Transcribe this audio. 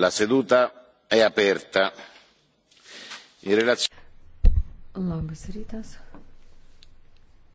la seduta è aperta. In relazione... Labas rytas.